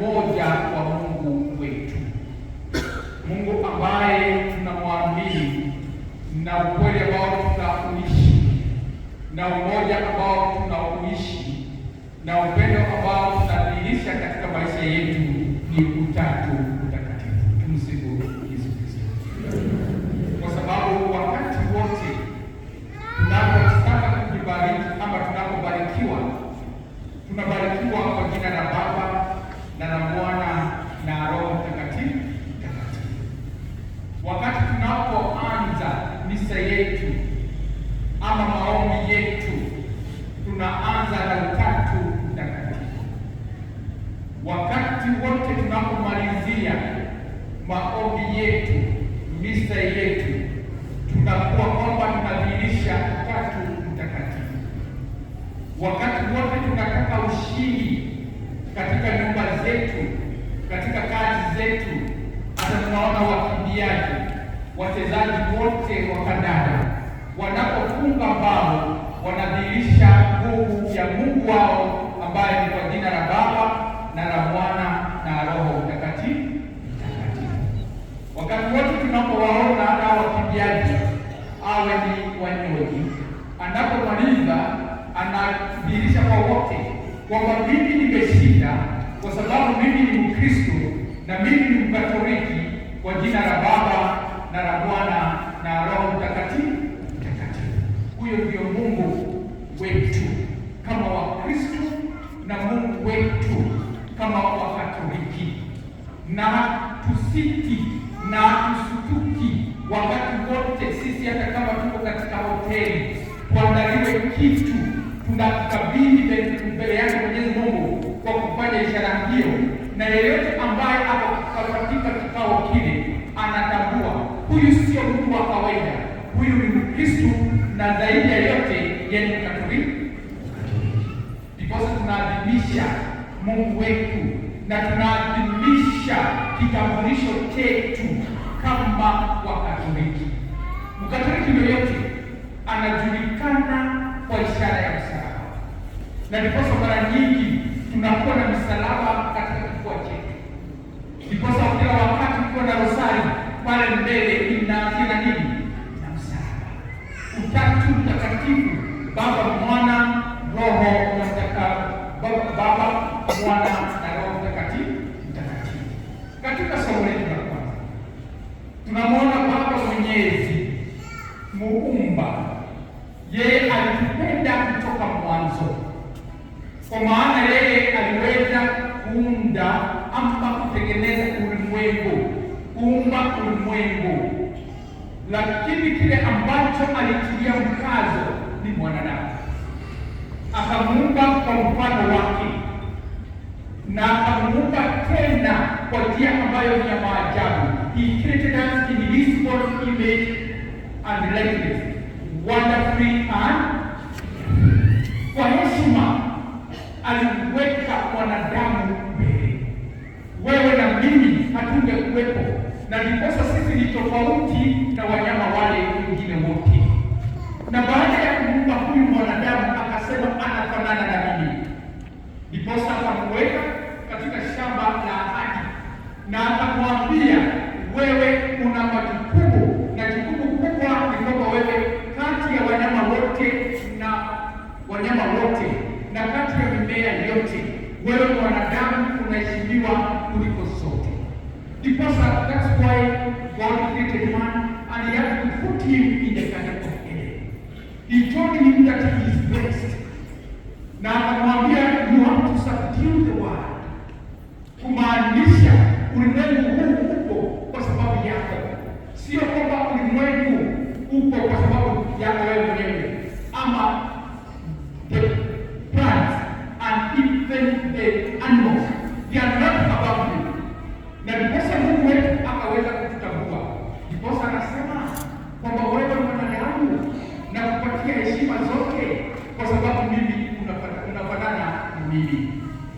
umoja wa Mungu wetu, Mungu ambaye tunamwamini na ukweli ambao tunauishi na umoja ambao tunauishi na upendo ambao tunadhihirisha katika maisha yetu ni Utatu Mtakatifu. Tumsifu Yesu Kristo, kwa sababu wakati wote tunapotaka kujibariki ama tunapobarikiwa tunabarikiwa kwa jina la maombi yetu, misa yetu, tunakuwa kwamba tunadhihirisha Utatu Mtakatifu. Wakati wote tunataka ushindi katika nyumba zetu, katika kazi zetu. Hata tunaona wakimbiaji, wachezaji wote wa kandanda wanapofunga bao wanadhihirisha nguvu ya Mungu wao ambaye ni kwa jina la Baba na la Mwana na Roho Wakati wote tunapowaona hawa wakimbiaji awe ni wanyoji, anapomaliza anadhihirisha kwa wote kwamba mimi nimeshinda kwa sababu mimi ni Mkristo na mimi ni Mkatoliki kwa jina la Baba na la Bwana na Roho Mtakatifu. Mtakatifu huyo ndio Mungu wetu kama Wakristo na Mungu wetu kama Wakatoliki na tusitiki na hatushtuki wakati wote. Sisi hata kama tuko katika hoteli, tuandaliwe kitu, tunakabidhi mbele yake Mwenyezi Mungu kwa kufanya ishara hiyo, na yeyote ambaye ako katika kikao kile anatambua huyu sio mtu wa kawaida, huyu ni Mkristu na zaidi ya yote yeye ni Mkatoliki. Ndiposa tunaadhimisha Mungu wetu na tunaadhimisha kitambulisho chetu kwamba Wakatoliki. Mkatoliki yoyote anajulikana kwa ishara ya msalaba, na ndiposa mara nyingi tunakuwa na msalaba katika kifua chetu, ndiposa kila wakati kuwa na rosari pale mbele inaasira nini na msalaba. Utatu Mtakatifu, Baba, Mwana, Roho Mtakatifu, Baba, Mwana wake, kwa maana yeye aliweza kuunda ama kutengeneza ulimwengu, kuumba ulimwengu, lakini kile ambacho alitilia mkazo ni mwanadamu. Akamuumba kwa mfano wake na akamuumba tena kwa njia ambayo ni ya maajabu. He created us in his own image and likeness wonderfully and na ndiposa sisi ni tofauti na wanyama wale wengine wote. Na baada ya kumuumba huyu mwanadamu akasema anafanana na mimi, ndiposa akamuweka katika shamba la ahadi na akamwambia, wewe una majukumu na jukumu kubwa ni kwamba wewe kati ya wanyama wote na wanyama wote na kati ya mimea yote, wewe mwanadamu unaheshimiwa kuliko Diposa, that's why God created man and he had to put him in the Garden of Eden. He told him that he is blessed. Na akamwambia you have to subdue the world, kumaanisha ulimwengu huu upo kwa sababu yako, sio kwamba ulimwengu upo kwa sababu yako wewe mwenyewe ama the plants and even the animals, they are not above you na ndiposa Mungu wetu akaweza kututambua. Ndiposa anasema kwamba wewe mwanadamu, na kupatia heshima zote, kwa sababu mimi unafanana na mimi.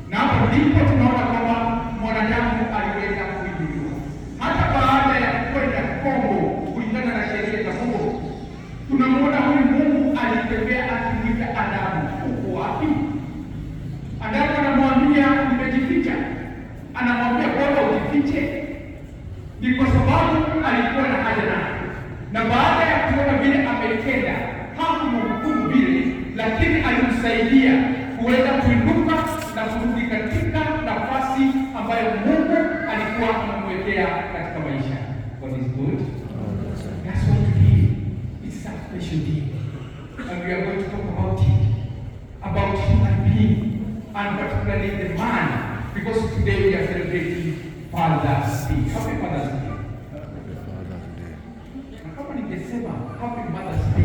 Na hapo ndipo tunaona kwamba mwanadamu aliweza kuinuliwa hata baada ya kwenda Kongo, kulingana na sheria za Mungu. Tunamwona huyu Mungu alitembea akimwita Adamu, uko wapi? nje, ni kwa sababu alikuwa na haja na na baada ya kuona vile ametenda hakumhukumu vile, lakini alimsaidia kuweza kuinuka na kurudi katika nafasi ambayo Mungu alikuwa anamwekea katika maisha. God is good. That's what we need. It's a special day. And we are going to talk about it. About human being and particularly the man because today we are celebrating Padasti. How many Padasti? How many December? How many Padasti?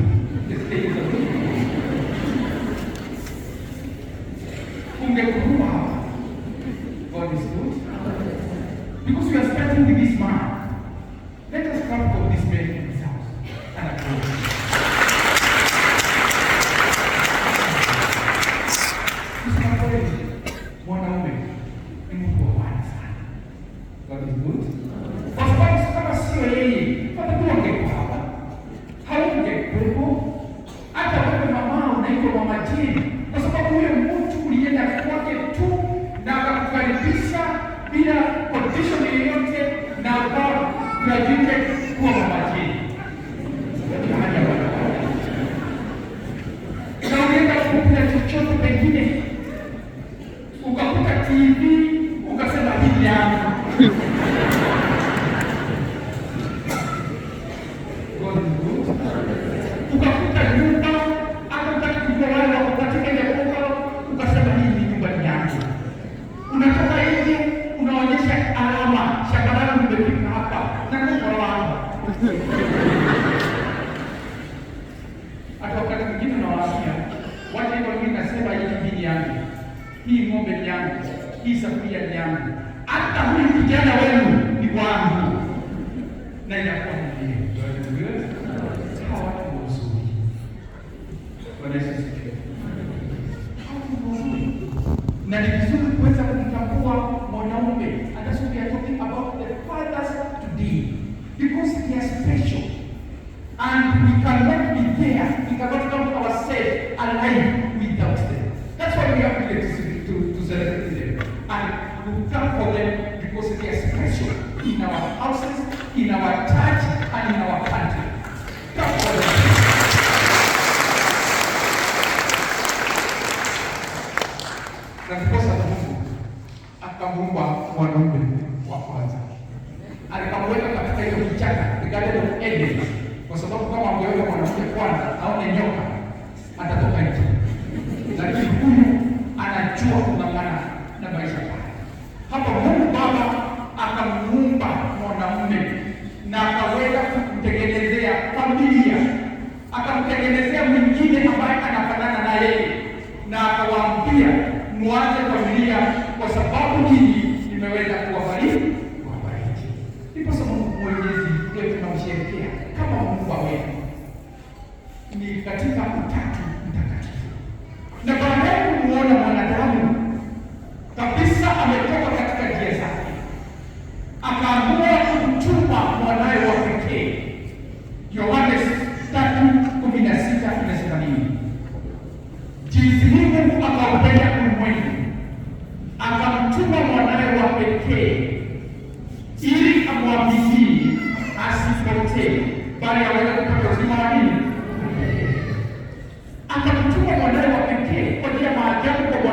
Ungekuruwa. God is good. Because we are expecting this man. God is good. Kwa sababu kama sio yeye, watakuwa wangekuhama, Hata wewe mama unaitwa mama Jane kwa sababu huyo mtu ulienda kwake tu na akakukaribisha bila condition yoyote na ukawa graduated kuwa mama hii ng'ombe ni yangu, hii safuria ni yangu, hata huyu kijana wenu ni wangu na inakuwa ni kwa sababu kama angeweka mwanamke kwanza aone nyoka atatoka nje, lakini huyu anajua kupambana na maisha hapa. ili amwamini asipotee, bali aweze kupata uzima wa milele. Akamtuma mwanawe wa pekee kwa njia ya maajabu